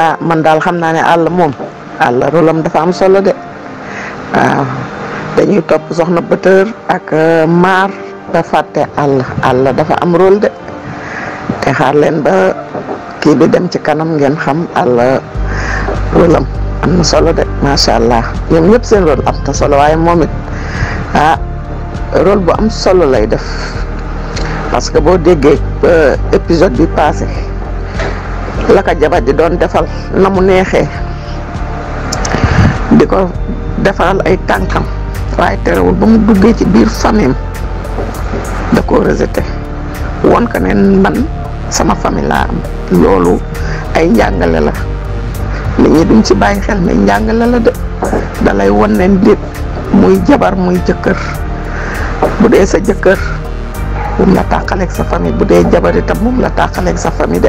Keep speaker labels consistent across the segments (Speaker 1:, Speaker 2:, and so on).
Speaker 1: ah man daal xam naa ne àll moom àll rolam dafa am solo de waaw ah, dañuy topp soxna bëtër ak euh, maar te fàtte àll dafa am rol de te xaar leen ba kii dem ci kanam ngeen xam àll rôlam am na solo de macha allah ñoom ñëpp seen rôle am na solo waaye moom it ah rôle bu am solo lay def parce que boo déggee euh, épisode bi passé la jabar ji doon defal na mu neexee di ko defaral ay tànkam waaye terewul ba mu duggee ci biir famille da ko rejeté won ko ne man sama famille laa am loolu ay njàngale la nit ñi duñ ci bàyyi xel mais njàngale la de dalay won ne nit muy jabar muy jëkkër bu dee sa jëkkër bu mu la tàqaleeg sa famille bu dee jabar itam bu mu la tàqaleeg sa famille de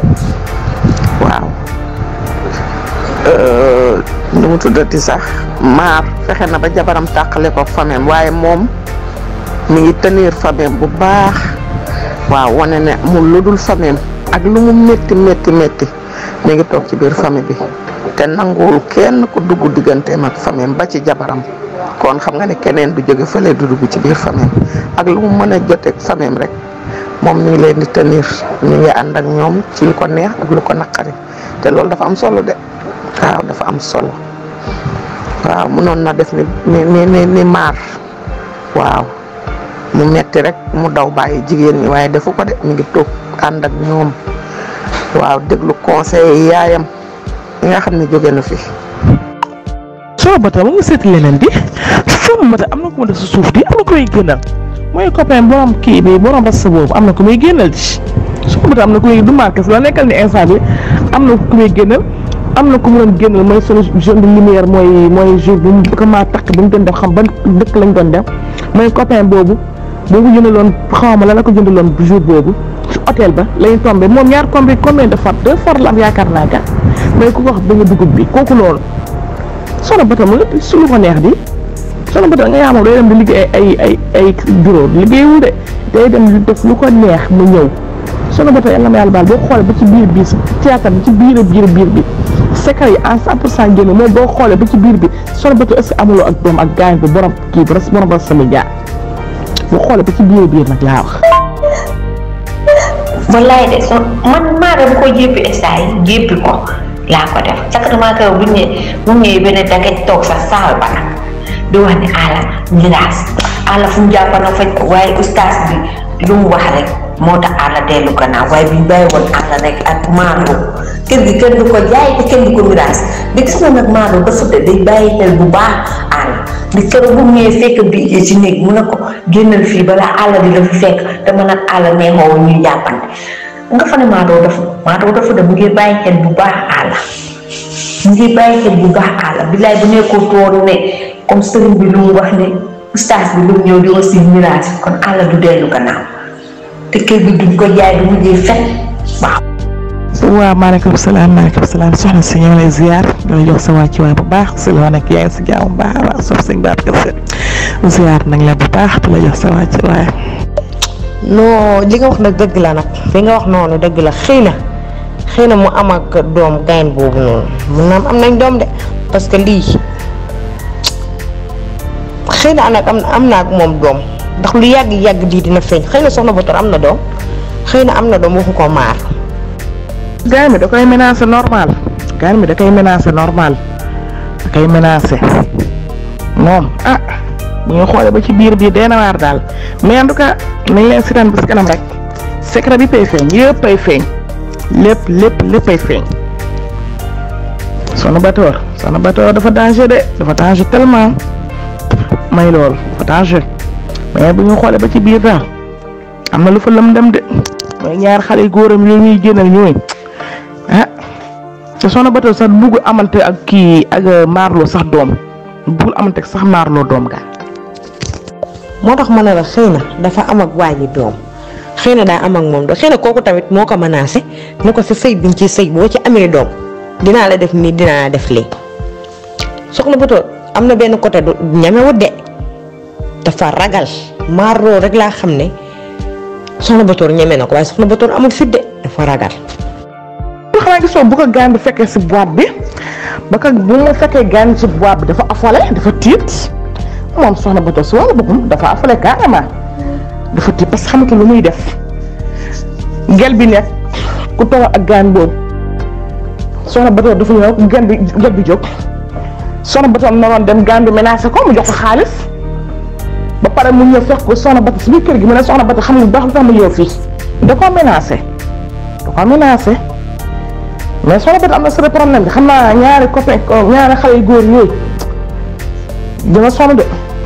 Speaker 1: waaw euh, nu mu tuddati sax maa fexe na ba jabaram tàqale ko famem waaye moom mu ngi tenir famem bu baax waaw wane ne mu ludul famem ak lu mu métti métti métti ngi toog ci biir famille bi te nanguwul kenn ku dugg digganteem ak famem ba ci jabaram kon xam nga ne keneen du jóge fële du dugg ci biir famem ak lumu mën a joteeg famem rek moom mi ngi leen di tenir mi ngi ànd ak ñoom ci lu ko neex ak lu ko naqari te loolu dafa am solo de waaw dafa am solo waaw mënoon na def ni ni ni ni maar waaw mu metti rek mu daw bàyyi jigéen ñi waaye defu ko de mi ngi toog ànd ak ñoom waaw dëglu conseil yaayam
Speaker 2: yi nga xam ne jóge na fi. soo bata ba mu am na ko ma def suuf di am na koy gënal. mooy copain borom kii bi borom boobu am na ku muy génnal ci su ko am na ku muy du marqué la nekkal ni na ku muy génnal am na ku mu doon génnal mooy sunu jeune de lumière mooy mooy jour bi mu comment takk bi mu doon def xam ban dëkk lañ doon def mooy copain boobu boobu jëndaloon xaw ma la la ko jëndaloon jour boobu ci hôtel ba lañu tombé moom ñaar combi combien de fois deux fois la am yaakaar naa ga mooy ku ko wax ba nga dugub bi kooku loolu solo batam la su lu ko neex di Soxna Bator nga yaa moom day dem di liggéey ay ay ay juróom liggéeyul day dem def lu ko neex mu ñëw Soxna Bator yàlla ma yàlla baal boo xoolee ba ci biir bii théâtre bi ci biir biir bi secret yi en cent pour cent génn boo xoolee ba ci bi Soxna Bator est ak doom ak gaañ bu borom kii bi res borom res sama jaar boo xoolee ba ci biir biir nag laa wax.
Speaker 3: wallaay de so man maa dem ko jéppi instant jéppi ko laa ko def sacrement que bu ñu bu ñu benn dagaj toog sa saal nag. di wax ne àlla miraas àlla fu mu jàppana faj ko waaye ustaas bi lu mu wax rek moo tax àlla dellu gannaaw waaye bi ñu bàyyi woon àlla rek ak maandoo kër gi kenn du ko jaay te du ko miraas de day bu baax di kër bu ñëwee fekk bi ci néeg mu ne génnal fii balaa àlla di la fi fekk dama nag àlla neexoo ñuy jàppante nga fa ne maandoo dafa maandoo dafa de mu ngi bàyyi bu baax àlla mu ngi bàyyi bu baax àlla bilaay bu nekkoon toon ne comme sëriñ bi lu mu wax ne ustaas bi lu mu ñëw di aussi mirage kon àll du dellu gannaaw te kër gi duñ ko jaay du mujjee fet waaw.
Speaker 2: waaw salaam maaleykum salaam soxna si ñoo lay ziar di jox sa wàccuwaay bu baax si loo nekk yaa ngi si jaamu baax a baax suuf si nga baax
Speaker 3: ziar nañ la bu baax di la jox
Speaker 2: li nga wax nag dëgg la nag li nga wax noonu dëgg la xëy na xëy mu am ak doom gaynde boobu noonu mun na am nañ doom de parce lii. xëy na am am naa moom doom ndax lu yàgg yàgg di dina feeñ xëy na soxna Bator am na doom xëy na am na doom waxu ko maar. gars mi da normal gars mi da koy menacer normal da koy menacer moom ah bu ñu xoolee ba ci biir bii dee na waar daal mais en tout cas nañ leen si ba si kanam rek secret bi pay feeñ yëpp ay feeñ lépp lépp lépp feeñ. Soxna Bator Soxna Bator dafa danger de dafa danger tellement. may lool otage mais bu ñu xoolee ba ci biir daal am na lu fa lam dem de mooy ñaar xale góoram yooyu ñuy génnal ñooy ah te soxna Bato sax bugg amante ak kii ak euh, maarloo sax doom bugg amante ak sax maarloo doom daal. moo tax ma ne la xëy na dafa am ak doom xëy na daa am ak moom da xëy kooku tamit moo ko menacé moo ko sa sëy biñ ci sëy boo ci amee doom dinaa la def nii dinaa la def lii soxna Bato. am na benn côté du ñamewut de dafa ragal maaroo rek laa xam ne soxna Batoor ñeme na ko waaye soxna Batoor amul fit de dafa ragal. ndax maa ngi soo bu ko gaan bi fekkee si boîte bi ba ko bu mu fekkee gaan si boîte bi dafa affolé dafa tiit moom soxna Batoor si wàllu boppam dafa affolé carrément dafa tiit parce que ko lu muy def gel bi nekk ku toog ak gaan boobu soxna Batoor dafa ñëw bi gel bi jóg. soxna Bata naroon dem Gambie menacé ko mu jox ko ba pare ko soxna Bata si kër gi mu ne soxna Bata xam nga bu baax lu tax mu ñëw fii da koo menacé am na seen problème bi xam naa ñaari copain ñaari xale yu góor yooyu dina sonn de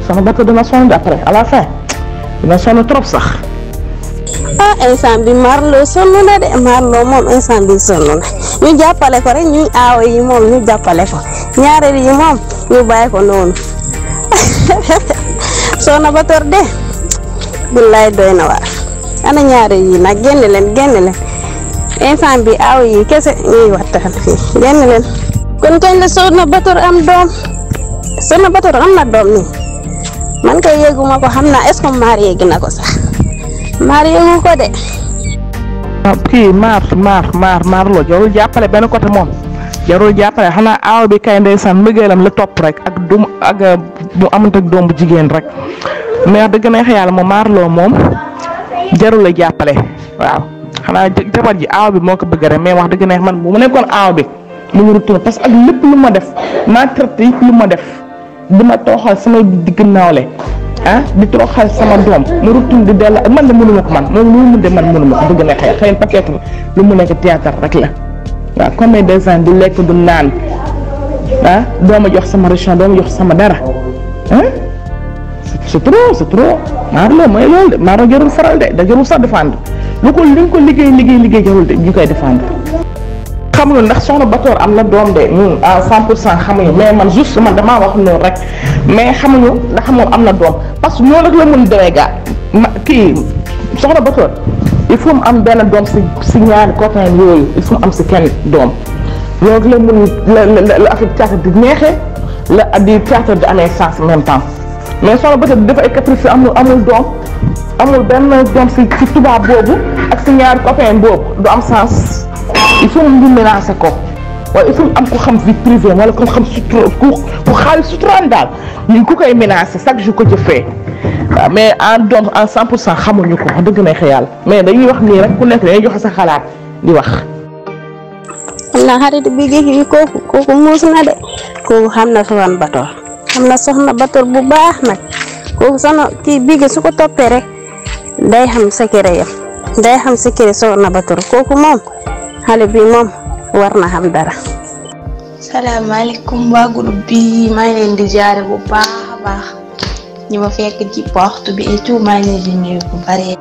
Speaker 2: soxna Bata
Speaker 4: dina sonn de après à la
Speaker 2: fin dina sonn trop sax.
Speaker 4: ah instant bi Marlo sonn na de Marlo moom instant bi sonn ñu jàppale ko rek ñu aawa yi moom ñu jàppale ko. ñaareel yi moom ñu bàyyi ko noonu soxna Batoor de billaay doy na waar ana ñaareel yi nag génn leen génn leen instant bi aw yi kese ñuy waxtaan fii génn leen kon kañ la soxna Batoor am doom soxna Batoor am na doom nii man kay yéeguma ko xam naa est-ce maar yéegi na ko sax maar yéegu ko de ah, kii maar maar maar maar loo jowul jàppale benn côté moom jarul
Speaker 2: jàppale xanaa aaw bi kay ndeysaan mbëggeelam la topp rek ak du ak euh, mu amante ak doom bu jigéen rek mais wax dëgg neex yàlla moom maarloo moom jarul la jàppale waaw xanaa jabar ji aaw bi moo ko bëgg rek mais wax dëgg neex man bu mu nekkoon aaw bi mu ngi retourné parce que ak lépp lu ma def naa traité lu ma def dima tooxal sama digg naawle ah di tooxal sama doom mu retourné di dellu man de mënuma ko man moom lu mu de man mënuma ko dëgg neex yàlla xëy na peut lu mu nekk théâtre rek la. waaw combien de gens du lekk du naan ah doo ma jox sama région doo ma jox sama dara ah c'est trop c'est trop Marlo mooy loolu de Marlo jarul faral de da jarul sax défendre lu ko ko liggéey liggéey liggéey jarul de ñu koy défendre. xamuñu ndax soxna Batoor am na doom de ñun à 100 pour cent xamuñu mais man juste man damaa wax noonu rek mais xamuñu ndax moom am na doom parce que noonu rek la mun demee gaa kii soxna Batoor. il faut mu am benn doom si si ñaari copain yooyu il faut mu am si kenn doom loolu la mun la la la affaire théâtre di neexee la di théâtre di amee sens en même temps mais soxna Bouteille dafa ay caprice amul amul doom amul benn doom si si tubaab boobu ak si ñaari copain boobu du am sens il faut mu mélanger ko. waaye il faut am ko xam vie privée wala ko xam sutura ku ku suturaan daal ñun ku koy menacé chaque jour ko jëfee waaw mais en donc en 100 pour cent xamuñu ko wax dëgg neex yàlla mais dañuy wax nii rek ku nekk dañuy joxe sa xalaat di wax.
Speaker 4: walla xarit bi gi kooku kooku muus na de kooku xam na soxna Batoor xam na baax nag kooku soxna kii bi gi su ko toppee rek day xam sa kër yëpp xam sa kër soxna Batoor kooku moom xale bi moom. war na xam dara. salaamaaleykum waa groupe bi maa ngi leen di jaare bu baax a baax ñu ma fekk ci porte bi et tout maa ngi leen di nuyu bu bare.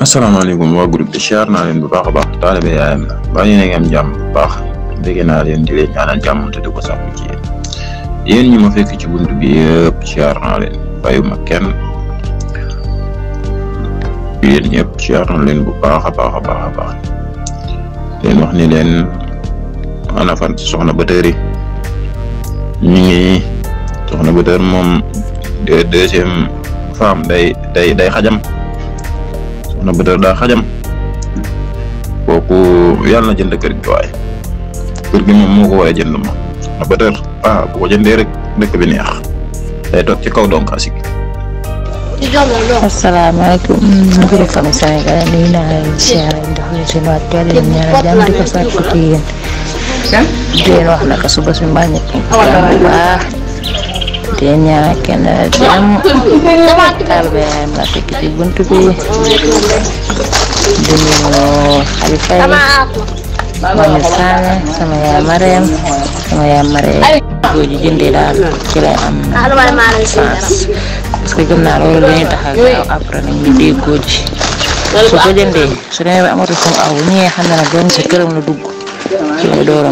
Speaker 2: asalaamaaleykum waa groupe bi siyaar naa leen bu baax a baax taalibe yaayam la baa yéen a ngi am jàmm bu baax dégg naa leen di leen ñaanal jàmm te di ko sàkku ci yéen yéen ñu fekk ci bunt bi yëpp siyaar naa leen bàyyuma kenn yéen ñëpp siyaar naa leen bu baax a baax a baax i wax ni leen ana soxna Bator yi ñu soxna Bator moom deuxième femme day day day xajam soxna Bator daa xajam kooku yàlla na jënd kër gi waaye kër gi moom moo ko war a jënd moom soxna Bator ah, rek dëkk bi neex day toog ci kaw donkaasi
Speaker 3: asalaamaaleykum mbokki famille Sénégal nuyu naa leen siyaare ndax leen seen waat ba leen ñaanal jàmm di ko sàkku ci yéen di leen wax naka suba si mbaa ñëpp baax di leen kenn jàmm taal ba yaayam laa fekk ci bunt bi di nuyu Xadi Fay
Speaker 4: Mami Saane sama yaay Mareem
Speaker 3: sama yaay Mareem boo ji daal ci am chance parce que gëm naa loolu dañuy tax a gaaw après nag ñu déggoo ji su ko jëndee su demee ba amatul fu mu aw ne doom la dugg ci la door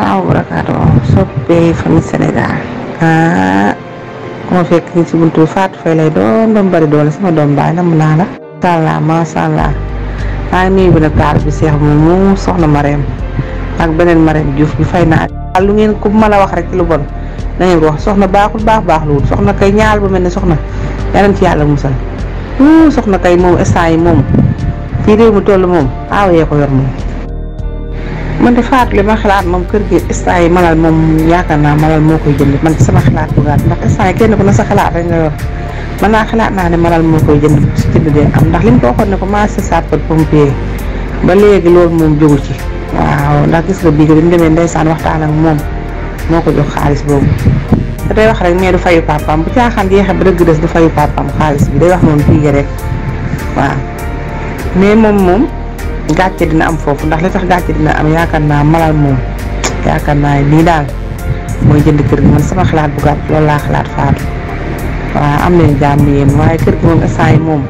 Speaker 3: a mën soppee famille Sénégal ah moo fekk ci buntu Fatou Faye lay doon doom bari doole sama doom baay la mu naa la. macha allah macha maa ngi bi nag taal bi seex moomu soxna Marème. ak beneen Marème Diouf bi fay na ak lu ngeen ku mën wax rek lu bon na ngeen ko wax soxna baaxul baax baax lu wut soxna kay ñaal ba mel ne soxna yal ci yàlla musal soxna kay moom instant yi moom fii réew mi moom aaw ko yor moom. man de Fatou li ma xalaat moom kër gi instant yi malal moom yaakaar naa malal moo koy jënd man sama xalaat bu ndax instant yi kenn ko ne sa xalaat rek nga yor man naa xalaat naa ne malal moo koy jënd si jënd dee am ndax li mu ko waxoon ne ko maa ba léegi loolu moom jógu ci. waaw ndax gis la biig bi mu demee ndeysaan waxtaan ak moom moo ko jox xaalis boobu te day wax rek mais du fayu papaam bu caaxaan jeexee ba dëgg des du fayu papaam xaalis bi day wax noonu biig rek waaw mais moom moom gàcce dina am foofu ndax li tax gàcce dina am yaakaar naa malal moom yaakaar naa lii daal mooy jënd kër gi man sama xalaat bu gàtt loolu laa xalaat faatu waaw am nañu jàmm yéen waaye kër gi moom instant yi moom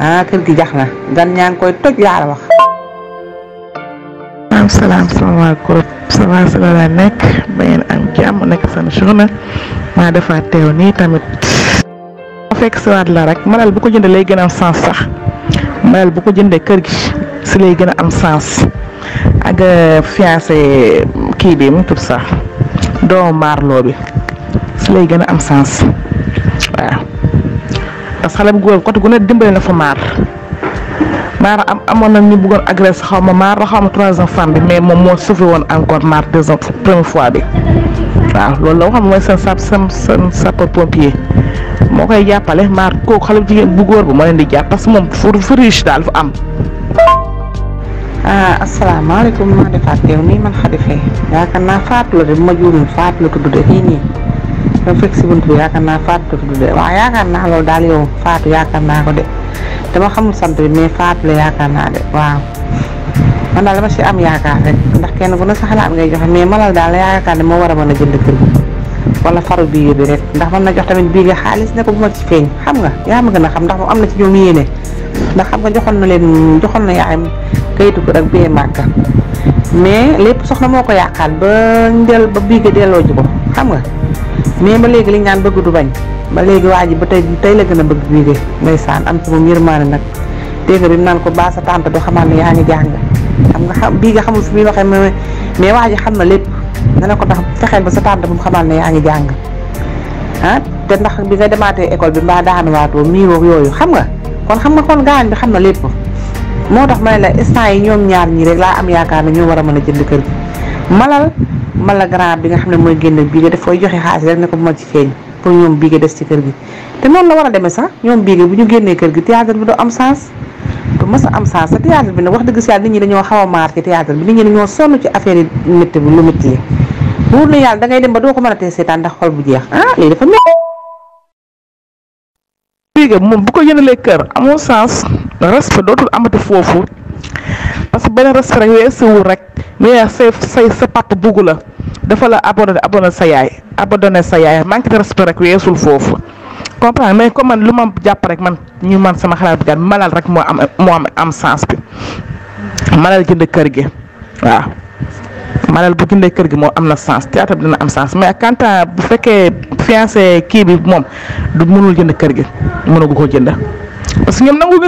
Speaker 3: ah kër gi jax na gan ñaa ngi koy toj laa wax
Speaker 2: salaam salaam sama waa groupe sama si la nekk ba ngeen am jàmm nekk seen journée maa dafa teew nii tamit. ma fekk si waat la bu ko jëndee lay gën a am sens sax malal bu ko jëndee kër gi si gën a am sens ak euh, fiancé kii bi mu tudd sax doomu maarloo bi si lay gën a am sens waaw parce xale bu góor côté gu ne dimbale na fa maar. maar am amoon na ñu bëggoon agressé xaw ma maar xaw ma troisième femme bi mais moom moo sauvé woon encore maar deuxième première fois bi waaw loolu la waxoon mooy seen sap seen seen sapeur pompier moo koy jàppale maar kooku xale bu bu góor bi moo leen di jàpp parce que moom fu fu riche daal fu am.
Speaker 3: ah asalaamaaleykum maa ngi fàtteew nii man Khady Faye yaakaar naa Fatou la de bu ma juumee Fatou la tudd de fii nii dama fekk si bunt bi yaakaar naa daal yow Fatou yaakaar naa ko de. dama xamul sant bi mais Fatou la yaakaar naa de waaw man daal dama si am yaakaar ndax kenn bu na sa xalaat ngay joxe mais malal daal la yaakaar ne moo war a mën a jënd kër wala faru bi rek ndax mën na jox tamit bii nga xaalis ne ko bu ma ci feeñ xam nga yaa ma gën a xam ndax moom am na ci ñoom yéene ndax xam nga joxoon na leen joxoon na yaayam kayitu ko ak bee màgga mais lépp soxna moo ko yaakaar ba njël ba bii nga delloo ji ko xam nga mais ba léegi li ñaan bëgg du bañ ba léegi waa ji ba tey tey la gën a bëgg bii de ndeysaan am ci moom yërmaane nag dégg bi mu naan ko ba sa tante du xamal ne yaa ngi jàng xam nga xam bii nga xamul fi muy waxee mais waa xam na lépp na ne ko tax fexeel ba sa tante bu mu xamal ne ngi jàng ah te ndax bi nga demaatee école bi mbaa daanuwaatoo mii woo yooyu xam nga kon xam nga kon gaañ bi xam na lépp moo tax ma ne la instant yi ñoom ñaar ñii rek laa am yaakaar ne ñoo war a mën a jënd kër gi malal mala grand bi nga xam ne mooy génn bii nga daf koy joxe xaalis rek ne ko bu ma ci feeñ pour ñoom biige des ci kër gi te noonu la war a demee sax ñoom biige bu ñu génnee kër gi théâtre bi du am sens du mës a am sens sa théâtre bi nag wax dëgg si yàlla nit ñi dañoo xaw a maar ci théâtre bi nit ñi sonn ci affaire yi métti bi lu métti yi wóor na yàlla da ngay dem ba doo ko mën a te seetaan ndax xol bu jeex ah lii dafa métti biige
Speaker 2: moom bu ko yënalee kër
Speaker 3: amoo sance respect dootul amati
Speaker 2: foofu parce que benn respect rek weesuwul rek mais say say sa papa bugg la dafa la abandonné abandonné sa yaay abandonné sa yaay manque de respect rek weesul foofu comprendre mais comme man lu ma jàpp rek man ñu man sama xalaat bu gàtt malal rek moo am moo am am sens bi malal jënd kër gi waaw malal bu jëndee kër gi moo am na sens théâtre bi dina am sens mais quant à bu fekkee fiancé kii bi moom du mënul jënd kër gi mënagu ko jënd parce que ñoom nangu